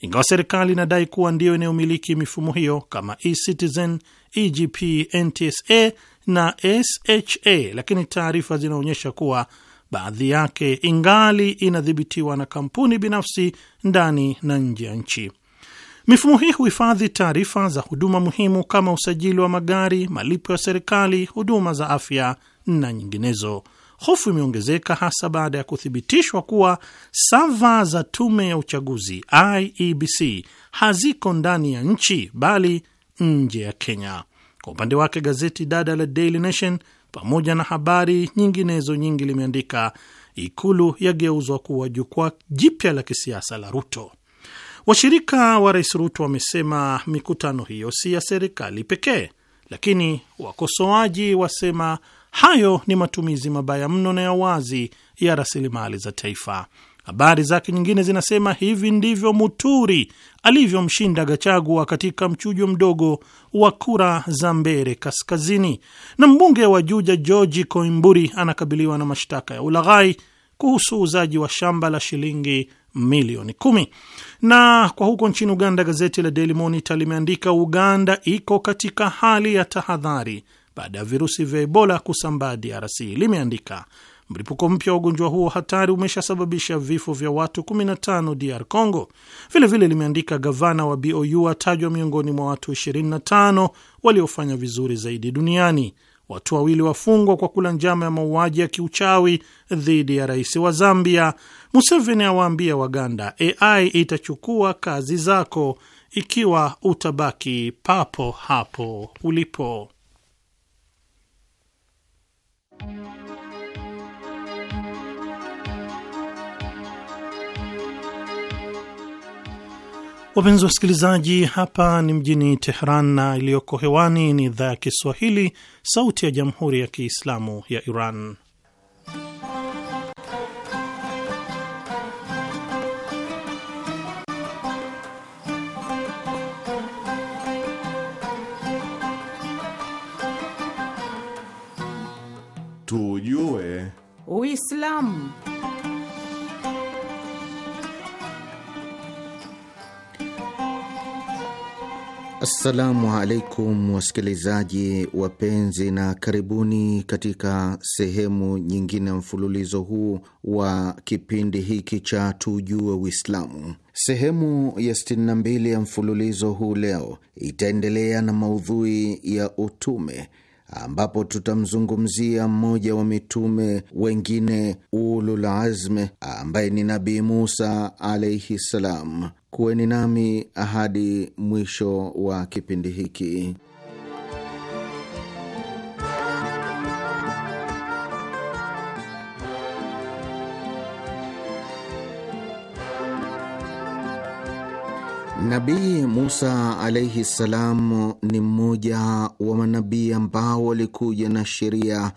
Speaker 3: ingawa serikali inadai kuwa ndiyo inayomiliki mifumo hiyo kama eCitizen, EGP, NTSA na SHA, lakini taarifa zinaonyesha kuwa baadhi yake ingali inadhibitiwa na kampuni binafsi ndani na nje ya nchi. Mifumo hii huhifadhi taarifa za huduma muhimu kama usajili wa magari, malipo ya serikali, huduma za afya na nyinginezo. Hofu imeongezeka hasa baada ya kuthibitishwa kuwa sava za tume ya uchaguzi IEBC haziko ndani ya nchi bali nje ya Kenya. Kwa upande wake, gazeti dada la Daily Nation pamoja na habari nyinginezo nyingi limeandika ikulu yageuzwa kuwa jukwaa jipya la kisiasa la Ruto. Washirika wa Rais Ruto wamesema mikutano hiyo si ya serikali pekee, lakini wakosoaji wasema hayo ni matumizi mabaya mno na ya wazi ya rasilimali za taifa. Habari zake nyingine zinasema hivi ndivyo Muturi alivyomshinda Gachagua katika mchujo mdogo wa kura za Mbere Kaskazini, na mbunge wa Juja George Koimburi anakabiliwa na mashtaka ya ulaghai kuhusu uuzaji wa shamba la shilingi milioni kumi. Na kwa huko nchini Uganda, gazeti la Daily Monitor limeandika Uganda iko katika hali ya tahadhari baada ya virusi vya Ebola kusambaa DRC. Limeandika mlipuko mpya wa ugonjwa huo hatari umeshasababisha vifo vya watu 15 DR Congo. Vilevile limeandika gavana wa BOU atajwa miongoni mwa watu 25 waliofanya vizuri zaidi duniani watu wawili wafungwa kwa kula njama ya mauaji ya kiuchawi dhidi ya rais wa Zambia. Museveni awaambia Waganda, AI itachukua kazi zako ikiwa utabaki papo hapo ulipo. Wapenzi wa wasikilizaji, hapa ni mjini Tehran na iliyoko hewani ni idhaa ya Kiswahili, Sauti ya Jamhuri ya Kiislamu ya Iran.
Speaker 5: Tujue
Speaker 1: Uislamu.
Speaker 4: Assalamu alaikum wasikilizaji wapenzi, na karibuni katika sehemu nyingine ya mfululizo huu wa kipindi hiki cha Tujue Uislamu. Sehemu ya 62 ya mfululizo huu leo itaendelea na maudhui ya utume, ambapo tutamzungumzia mmoja wa mitume wengine ululazme ambaye ni Nabii Musa alaihi ssalam kuweni nami hadi mwisho wa kipindi hiki. Nabii Musa alaihi ssalam ni mmoja wa manabii ambao walikuja na sheria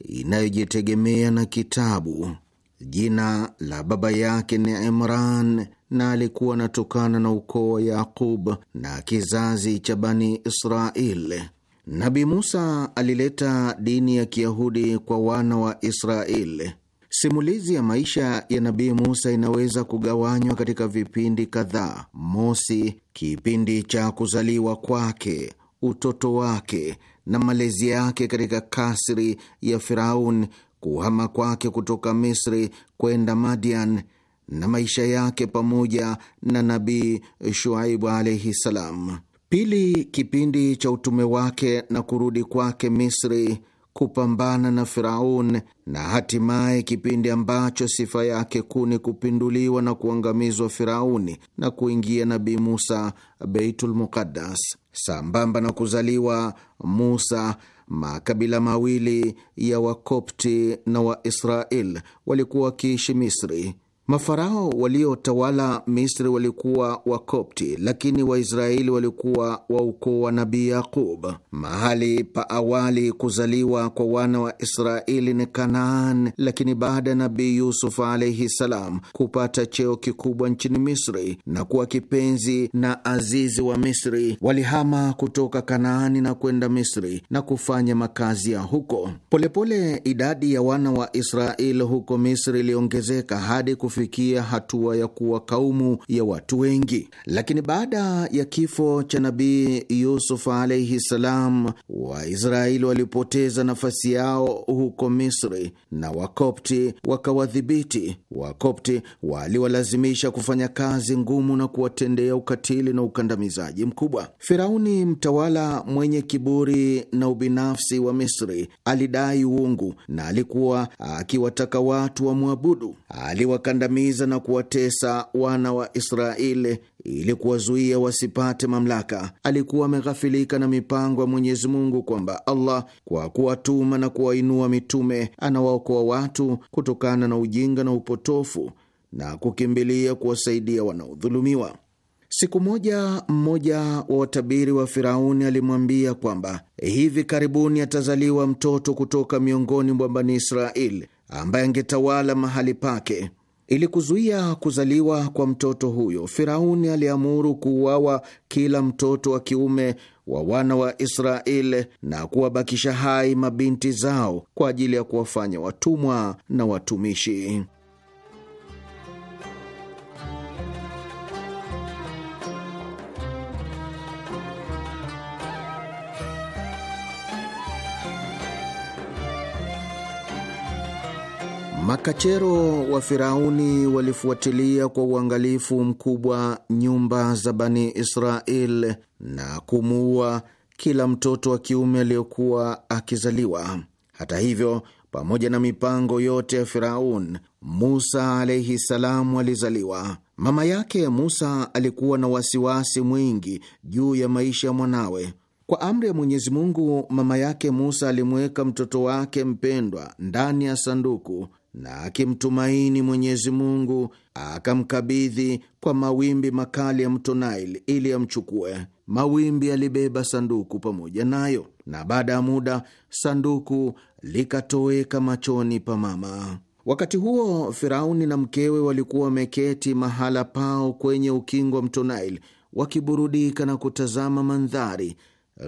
Speaker 4: inayojitegemea na kitabu. Jina la baba yake ni Imran na alikuwa anatokana na ukoo wa Yaqub na kizazi cha Bani Israil. Nabi Musa alileta dini ya Kiyahudi kwa wana wa israel Simulizi ya maisha ya Nabii Musa inaweza kugawanywa katika vipindi kadhaa. Mosi, kipindi cha kuzaliwa kwake, utoto wake na malezi yake katika kasri ya Firaun, kuhama kwake kutoka Misri kwenda Madian na maisha yake pamoja na Nabii Shuaibu alaihi ssalam. Pili, kipindi cha utume wake na kurudi kwake Misri kupambana na Firaun na hatimaye kipindi ambacho sifa yake kuu ni kupinduliwa na kuangamizwa Firauni na kuingia Nabii Musa Beitul Muqaddas. Sambamba na kuzaliwa Musa, makabila mawili ya Wakopti na Waisrael walikuwa wakiishi Misri. Mafarao waliotawala Misri walikuwa Wakopti, lakini Waisraeli walikuwa wa ukoo wa Nabii Yaqub. Mahali pa awali kuzaliwa kwa wana wa Israeli ni Kanaan, lakini baada ya Nabii Yusuf alaihi salam kupata cheo kikubwa nchini Misri na kuwa kipenzi na azizi wa Misri, walihama kutoka Kanaani na kwenda Misri na kufanya makazi ya huko. Polepole idadi ya wana wa Israeli huko Misri iliongezeka hadi kufikia hatua ya kuwa kaumu ya watu wengi. Lakini baada ya kifo cha Nabii Yusuf alaihi salam, Waisraeli walipoteza nafasi yao huko Misri na Wakopti wakawadhibiti. Wakopti waliwalazimisha kufanya kazi ngumu na kuwatendea ukatili na ukandamizaji mkubwa. Firauni, mtawala mwenye kiburi na ubinafsi wa Misri, alidai uungu na alikuwa akiwataka watu wamwabudu aliwakanda kuwakandamiza na kuwatesa wana wa Israeli ili kuwazuia wasipate mamlaka. Alikuwa ameghafilika na mipango ya Mwenyezi Mungu kwamba Allah kwa kuwatuma na kuwainua mitume anawaokoa watu kutokana na ujinga na upotofu na kukimbilia kuwasaidia wanaodhulumiwa. Siku moja mmoja wa watabiri wa Firauni alimwambia kwamba hivi karibuni atazaliwa mtoto kutoka miongoni mwa Bani Israeli ambaye angetawala mahali pake. Ili kuzuia kuzaliwa kwa mtoto huyo, Firauni aliamuru kuuawa kila mtoto wa kiume wa wana wa Israeli na kuwabakisha hai mabinti zao kwa ajili ya kuwafanya watumwa na watumishi. Makachero wa Firauni walifuatilia kwa uangalifu mkubwa nyumba za Bani Israel na kumuua kila mtoto wa kiume aliyokuwa akizaliwa. Hata hivyo, pamoja na mipango yote ya Firaun, Musa alaihi salamu alizaliwa. Mama yake Musa alikuwa na wasiwasi mwingi juu ya maisha ya mwanawe. Kwa amri ya Mwenyezi Mungu, mama yake Musa alimweka mtoto wake mpendwa ndani ya sanduku na akimtumaini Mwenyezi Mungu akamkabidhi kwa mawimbi makali ya mto Nile ili amchukue. Mawimbi yalibeba sanduku pamoja nayo, na baada ya muda sanduku likatoweka machoni pa mama. Wakati huo Firauni na mkewe walikuwa wameketi mahala pao kwenye ukingo wa mto Nile wakiburudika na kutazama mandhari.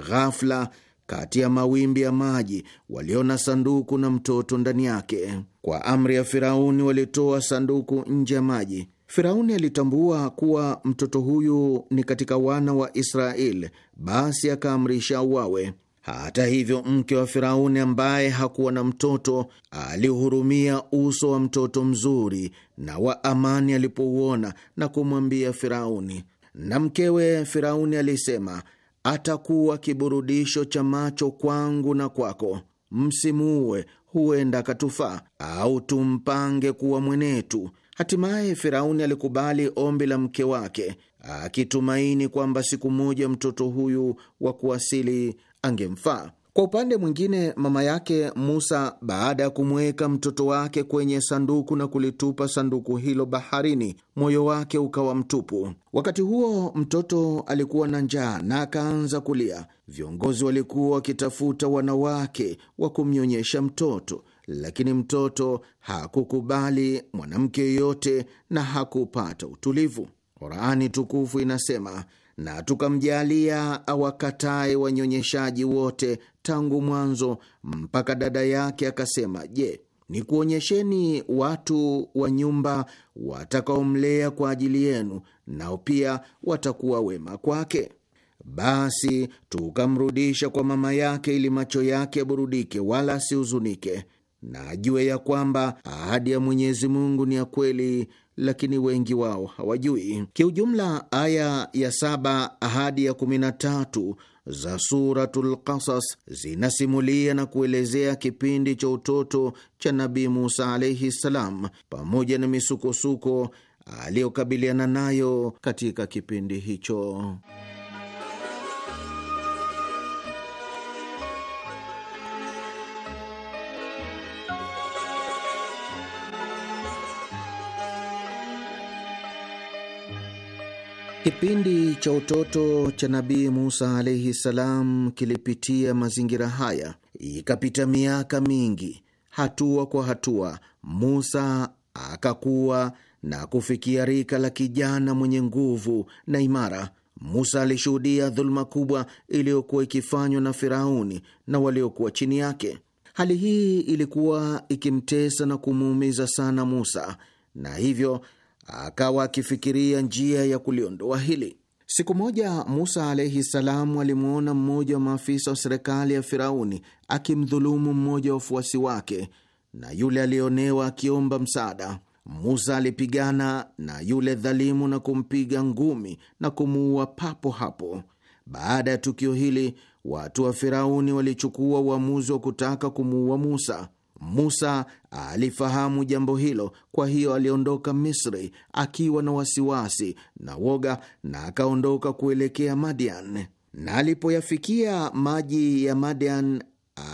Speaker 4: Ghafla kati ya mawimbi ya maji, waliona sanduku na mtoto ndani yake. Kwa amri ya Firauni walitoa sanduku nje ya maji. Firauni alitambua kuwa mtoto huyu ni katika wana wa Israeli, basi akaamrisha uwawe. Hata hivyo, mke wa Firauni ambaye hakuwa na mtoto alihurumia uso wa mtoto mzuri na wa amani alipouona, na kumwambia Firauni. Na mkewe Firauni alisema atakuwa kiburudisho cha macho kwangu na kwako. Msimuue, huenda akatufaa au tumpange kuwa mwenetu. Hatimaye Firauni alikubali ombi la mke wake, akitumaini kwamba siku moja mtoto huyu wa kuasili angemfaa. Kwa upande mwingine, mama yake Musa, baada ya kumweka mtoto wake kwenye sanduku na kulitupa sanduku hilo baharini, moyo wake ukawa mtupu. Wakati huo mtoto alikuwa na njaa na akaanza kulia. Viongozi walikuwa wakitafuta wanawake wa kumnyonyesha mtoto, lakini mtoto hakukubali mwanamke yeyote na hakupata utulivu. Qurani tukufu inasema na tukamjalia awakatae wanyonyeshaji wote tangu mwanzo mpaka dada yake akasema, Je, nikuonyesheni watu wa nyumba watakaomlea kwa ajili yenu, nao pia watakuwa wema kwake? Basi tukamrudisha kwa mama yake ili macho yake yaburudike wala asihuzunike na ajue ya kwamba ahadi ya Mwenyezi Mungu ni ya kweli, lakini wengi wao hawajui. Kiujumla, aya ya saba ahadi ya kumi na tatu za Suratul Qasas zinasimulia na kuelezea kipindi cha utoto cha Nabii Musa alaihi ssalam, pamoja na misukosuko aliyokabiliana nayo katika kipindi hicho. Kipindi cha utoto cha Nabii Musa alaihi salam kilipitia mazingira haya. Ikapita miaka mingi, hatua kwa hatua, Musa akakuwa na kufikia rika la kijana mwenye nguvu na imara. Musa alishuhudia dhuluma kubwa iliyokuwa ikifanywa na Firauni na waliokuwa chini yake. Hali hii ilikuwa ikimtesa na kumuumiza sana Musa, na hivyo akawa akifikiria njia ya kuliondoa hili. Siku moja Musa alaihi salamu alimwona mmoja wa maafisa wa serikali ya Firauni akimdhulumu mmoja wa wafuasi wake, na yule aliyeonewa akiomba msaada. Musa alipigana na yule dhalimu na kumpiga ngumi na kumuua papo hapo. Baada ya tukio hili, watu wa Firauni walichukua uamuzi wa kutaka kumuua Musa. Musa alifahamu jambo hilo, kwa hiyo aliondoka Misri akiwa na wasiwasi na woga, na akaondoka kuelekea Madian. Na alipoyafikia maji ya Madian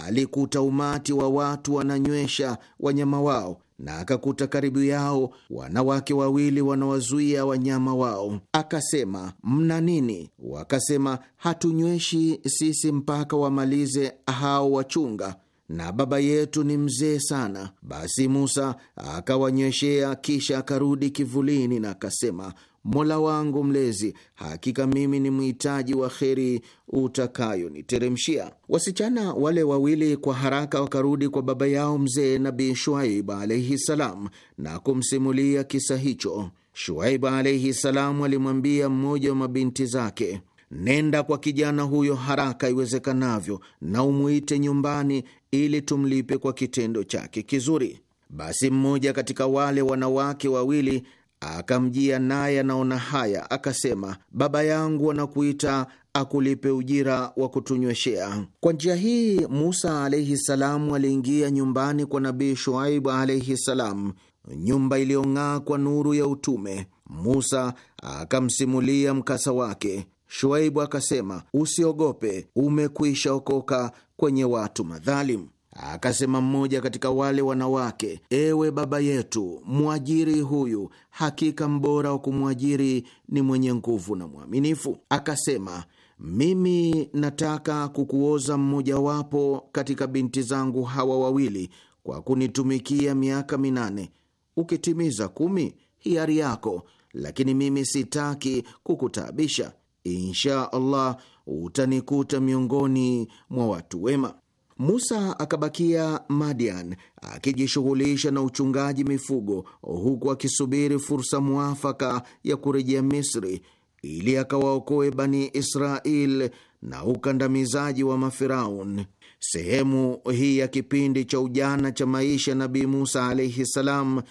Speaker 4: alikuta umati wa watu wananywesha wanyama wao na akakuta karibu yao wanawake wawili wanawazuia wanyama wao. Akasema, mna nini? Wakasema, hatunyweshi sisi mpaka wamalize hao wachunga na baba yetu ni mzee sana. Basi Musa akawanyweshea, kisha akarudi kivulini na akasema, Mola wangu Mlezi, hakika mimi ni mhitaji wa kheri utakayoniteremshia. Wasichana wale wawili kwa haraka wakarudi kwa baba yao mzee nabi Shuaib alaihi salam na kumsimulia kisa hicho. Shuaib alaihi salam alimwambia mmoja wa mabinti zake Nenda kwa kijana huyo haraka iwezekanavyo na umwite nyumbani ili tumlipe kwa kitendo chake kizuri. Basi mmoja katika wale wanawake wawili akamjia, naye anaona haya, akasema, baba yangu anakuita akulipe ujira wa kutunyweshea. Kwa njia hii Musa alaihi salamu aliingia nyumbani kwa Nabii Shuaibu alaihi salamu, nyumba iliyong'aa kwa nuru ya utume. Musa akamsimulia mkasa wake. Shuaibu akasema, usiogope, umekwisha okoka kwenye watu madhalimu. Akasema mmoja katika wale wanawake, ewe baba yetu, mwajiri huyu, hakika mbora wa kumwajiri ni mwenye nguvu na mwaminifu. Akasema, mimi nataka kukuoza mmojawapo katika binti zangu hawa wawili kwa kunitumikia miaka minane. Ukitimiza kumi, hiari yako, lakini mimi sitaki kukutaabisha insha Allah utanikuta miongoni mwa watu wema. Musa akabakia Madian akijishughulisha na uchungaji mifugo, huku akisubiri fursa mwafaka ya kurejea Misri ili akawaokoe Bani Israel na ukandamizaji wa Mafiraun. Sehemu hii ya kipindi cha ujana cha maisha ya Nabii Musa alaihi salam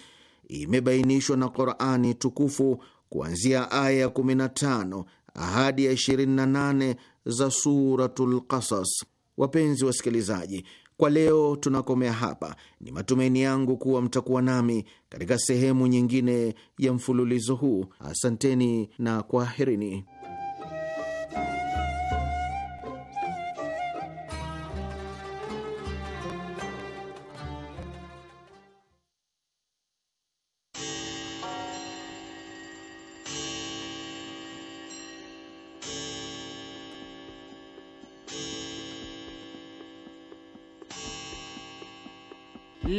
Speaker 4: imebainishwa na Qurani tukufu kuanzia aya ya 15 ahadi ya 28 za Suratul Qasas. Wapenzi wasikilizaji, kwa leo tunakomea hapa. Ni matumaini yangu kuwa mtakuwa nami katika sehemu nyingine ya mfululizo huu. Asanteni na kwaherini.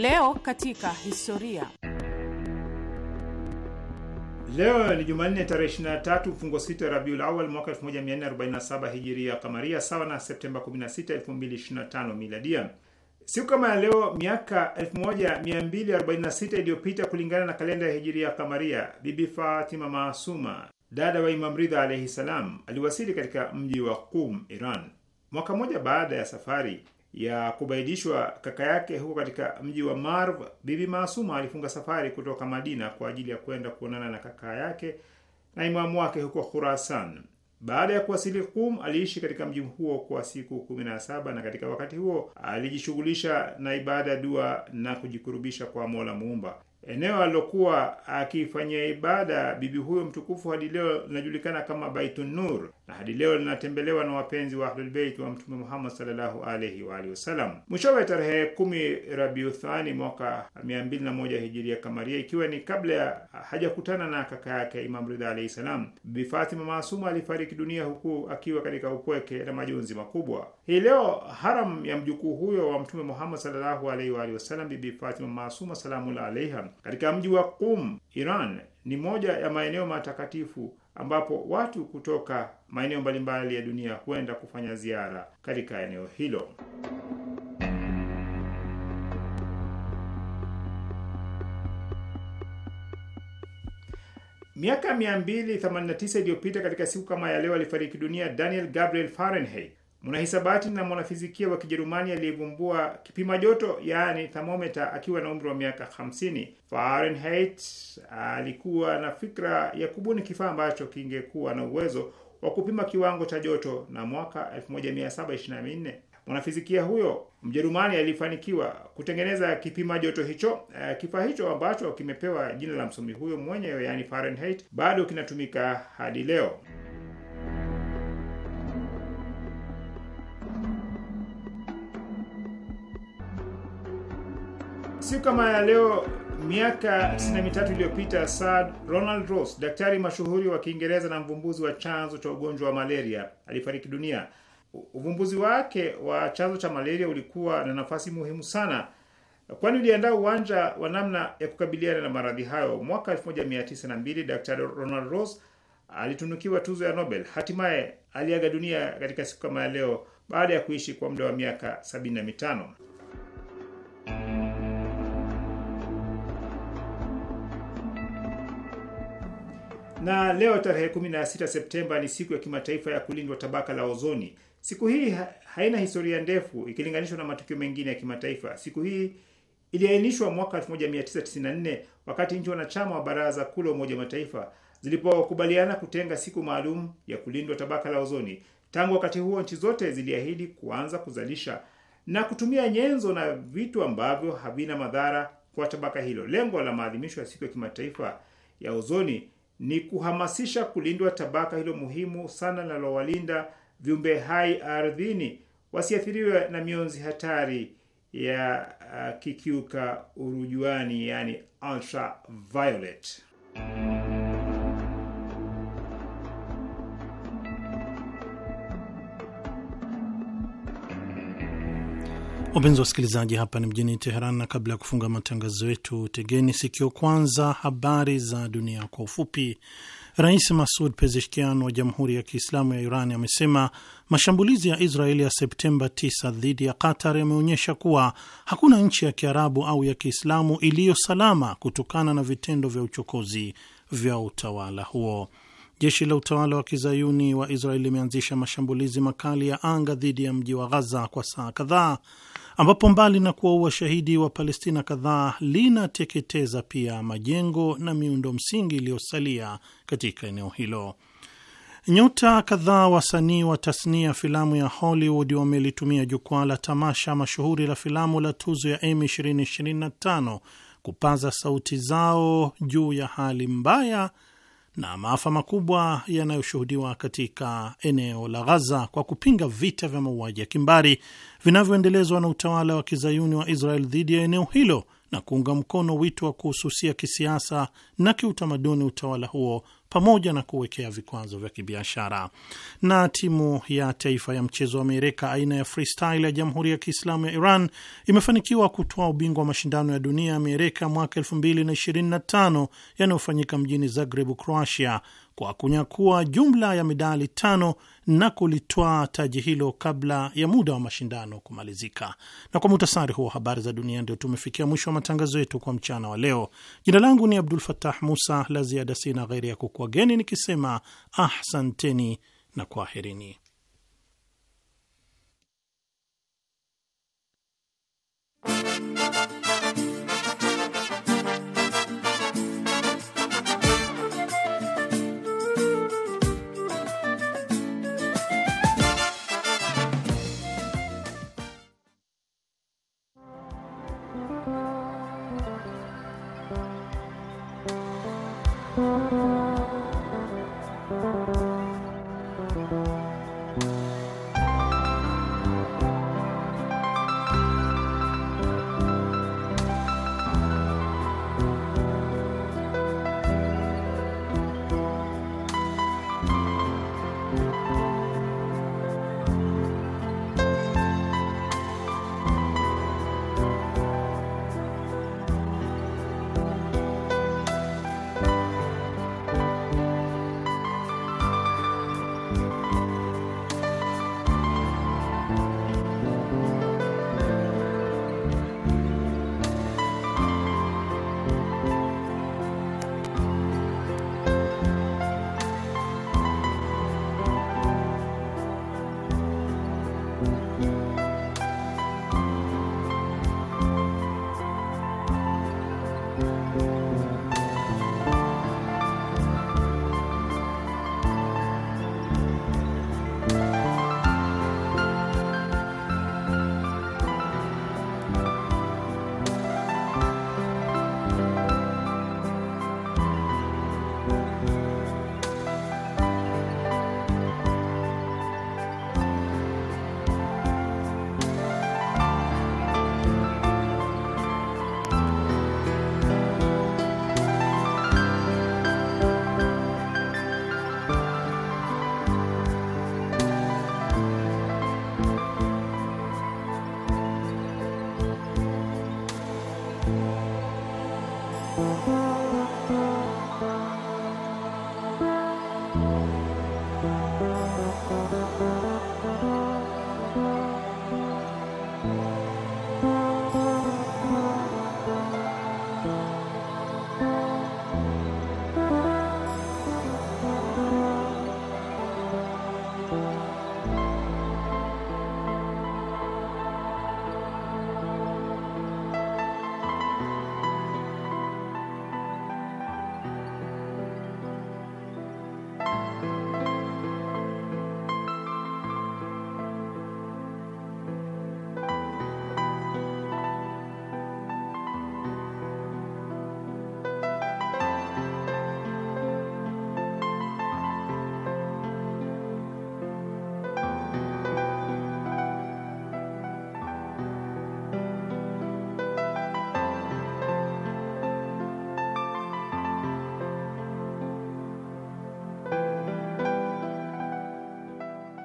Speaker 2: Leo katika historia.
Speaker 5: Leo ni Jumanne tarehe 23 mfungo 6 Rabiul Awal mwaka 1447 hijiria kamaria, sawa na Septemba 16, 2025 miladia. Siku kama ya leo miaka 1246 iliyopita kulingana na kalenda ya hijiria kamaria, Bibi Fatima Maasuma, dada wa Imam Ridha alaihi salam, aliwasili katika mji wa Qum, Iran. Mwaka mmoja baada ya safari ya kubaidishwa kaka yake huko katika mji wa Marv, Bibi Maasuma alifunga safari kutoka Madina kwa ajili ya kwenda kuonana na kaka yake na imamu wake huko Khurasan. Baada ya kuwasili Qum, aliishi katika mji huo kwa siku kumi na saba na katika wakati huo alijishughulisha na ibada, dua na kujikurubisha kwa Mola Muumba. Eneo alilokuwa akifanyia ibada bibi huyo mtukufu hadi leo linajulikana kama Baitun Nur na hadi leo linatembelewa na wapenzi wa Ahlulbeit wa Mtume Muhammad sallallahu alaihi wa alihi wasallam. Mwishowe tarehe kumi Rabiuthani mwaka mia mbili na moja hijiria kamaria, ikiwa ni kabla ya hajakutana na kaka yake Imam Ridha alaihi salam, Bibi Fatima Maasuma alifariki dunia huku akiwa katika upweke na majonzi makubwa. Hii leo haram ya mjukuu huyo wa Mtume Muhammad sallallahu alaihi wa alihi wasallam, Bibi Fatima Maasuma salamullah alaiha, katika mji wa Qum, Iran ni moja ya maeneo matakatifu ambapo watu kutoka maeneo mbalimbali ya dunia huenda kufanya ziara katika eneo hilo. Miaka 289 iliyopita katika siku kama ya leo alifariki dunia Daniel Gabriel Fahrenheit, Mwanahisabati na mwanafizikia wa Kijerumani aliyevumbua kipima joto yaani thermometa akiwa na umri wa miaka 50 Fahrenheit. Alikuwa na fikra ya kubuni kifaa ambacho kingekuwa na uwezo wa kupima kiwango cha joto, na mwaka 1724 mwanafizikia huyo Mjerumani alifanikiwa kutengeneza kipima joto hicho. Eh, kifaa hicho ambacho kimepewa jina la msomi huyo mwenyewe, yaani Fahrenheit, bado kinatumika hadi leo. Siku kama ya leo miaka 93 iliyopita Sir Ronald Ross, daktari mashuhuri wa Kiingereza na mvumbuzi wa chanzo cha ugonjwa wa malaria, alifariki dunia. Uvumbuzi wake wa chanzo cha malaria ulikuwa na nafasi muhimu sana, kwani uliandaa uwanja wa namna ya kukabiliana na maradhi hayo. Mwaka 1902 daktari Ronald Ross alitunukiwa tuzo ya Nobel. Hatimaye aliaga dunia katika siku kama ya leo baada ya kuishi kwa muda wa miaka 75. na leo tarehe 16 Septemba ni siku ya kimataifa ya kulindwa tabaka la ozoni. Siku hii haina historia ndefu ikilinganishwa na matukio mengine ya kimataifa. Siku hii iliainishwa mwaka 1994 wakati nchi wanachama wa Baraza Kuu la Umoja Mataifa zilipokubaliana kutenga siku maalum ya kulindwa tabaka la ozoni. Tangu wakati huo, nchi zote ziliahidi kuanza kuzalisha na kutumia nyenzo na vitu ambavyo havina madhara kwa tabaka hilo. Lengo la maadhimisho ya siku ya kimataifa ya ozoni ni kuhamasisha kulindwa tabaka hilo muhimu sana linalowalinda viumbe hai ardhini wasiathiriwe na mionzi hatari ya uh, kikiuka urujuani, yani ultraviolet.
Speaker 3: Wapenzi wa wasikilizaji, hapa ni mjini Teheran, na kabla ya kufunga matangazo yetu, tegeni sikio kwanza habari za dunia kwa ufupi. Rais Masud Pezeshkian wa Jamhuri ya Kiislamu ya Iran amesema mashambulizi ya Israeli ya Septemba 9 dhidi ya Qatar yameonyesha kuwa hakuna nchi ya Kiarabu au ya Kiislamu iliyo salama kutokana na vitendo vya uchokozi vya utawala huo. Jeshi la utawala wa kizayuni wa israel limeanzisha mashambulizi makali ya anga dhidi ya mji wa Ghaza kwa saa kadhaa, ambapo mbali na kuwaua shahidi wa Palestina kadhaa linateketeza pia majengo na miundo msingi iliyosalia katika eneo hilo. Nyota kadhaa wasanii wa tasnia filamu ya Hollywood wamelitumia jukwaa la tamasha mashuhuri la filamu la tuzo ya Emmy 2025 kupaza sauti zao juu ya hali mbaya na maafa makubwa yanayoshuhudiwa katika eneo la Ghaza kwa kupinga vita vya mauaji ya kimbari vinavyoendelezwa na utawala wa kizayuni wa Israel dhidi ya eneo hilo na kuunga mkono wito wa kuhususia kisiasa na kiutamaduni utawala huo pamoja na kuwekea vikwazo vya kibiashara. Na timu ya taifa ya mchezo wa Amerika aina ya freestyle ya Jamhuri ya Kiislamu ya Iran imefanikiwa kutoa ubingwa wa mashindano ya dunia ya Amerika mwaka 2025 yanayofanyika mjini Zagreb, Croatia, kwa kunyakua jumla ya medali tano na kulitwaa taji hilo kabla ya muda wa mashindano kumalizika. Na kwa muhtasari huo habari za dunia, ndio tumefikia mwisho wa matangazo yetu kwa mchana wa leo. Jina langu ni Abdul fatah Musa. La ziada sina ghairi ya kukuageni nikisema ahsanteni na kwaherini.